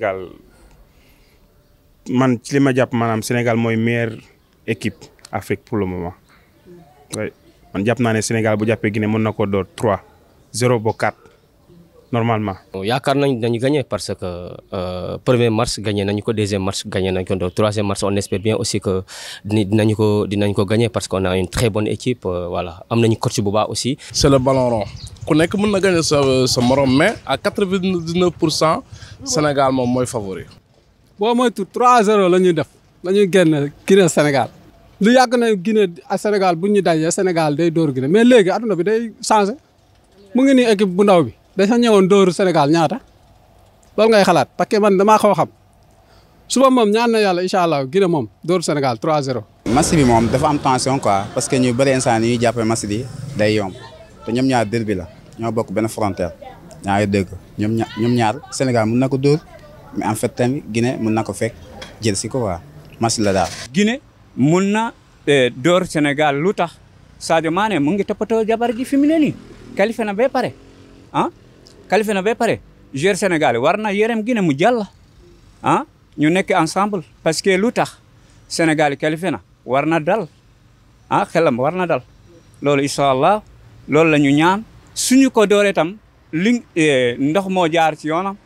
Sénégal man ci li ma jàpp maanaam Sénégal mooy meilleure équipe Afrique pour le moment man jàpp naa ne Sénégal bu jàppee Guinée mën na ko door 3 0 ba 4 normalement. yaakaar nañ dañu gagné parce que euh, premier match gagné nañu ko deuxième match gagné nañu ko donc troisième match on espère bien aussi que dinañu ko dinañ ko gagné parce qu'on a une très bonne équipe euh, voilà am nañu coach bu baax aussi. c'est le ballon ku nekk mën na gagné sa sa morom mais à quatre-vingt-dix-neuf pour cent Sénégal moom mooy favori. boo moytu trois zéro la ñuy def lañuy ñuy génn Guinée Sénégal lu yàgg na Guinée ak Sénégal bu ñu dajee Sénégal day dóor Guinée mais léegi adduna bi day changé mu ngi nii équipe bu ndaw bi day dafa ñëwoon dóoru Sénégal ñaata loolu ngay xalaat parce que man damaa xaw xam suba moom ñaan na yàlla incha allah Guinée moom dóoru Sénégal trois zéro. match bi moom dafa am tension parce que ñu bëri instant yi ñuy jàppee match bi day yomb. te ñoom ñaar derby la ñoo bokk benn frontière yaa ngi dégg ñoom ñaar ñoom ñaar Sénégal mën na ko dóor mais en fait tamit Guinée mën na ko fekk jël si ko waa match la daal. gine mun na eh, dóor Sénégal lu tax Sadio Mané mu ngi toppatoo jabar ji fi mu ne nii qualifié na pare ah qualifié na pare joueur Sénégal war na yërëm gine mu jàll ah ñu nekk ensemble parce que lu tax Sénégal qualifié na war na dal ah xelam war na dal loolu incha allah loolu la ñu ñaan suñu ko dooree tam li eh, ndox moo jaar ci yoonam